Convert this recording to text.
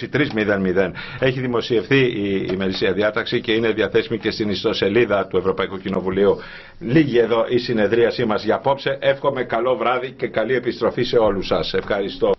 23.00 έχει δημοσιευθεί η ημερησία διάταξη και είναι διαθέσιμη και στην ιστοσελίδα του Ευρωπαϊκού Κοινοβουλίου. Λίγη εδώ η συνεδρίασή μας για απόψε. Εύχομαι καλό βράδυ και καλή επιστροφή σε όλους σας. Ευχαριστώ.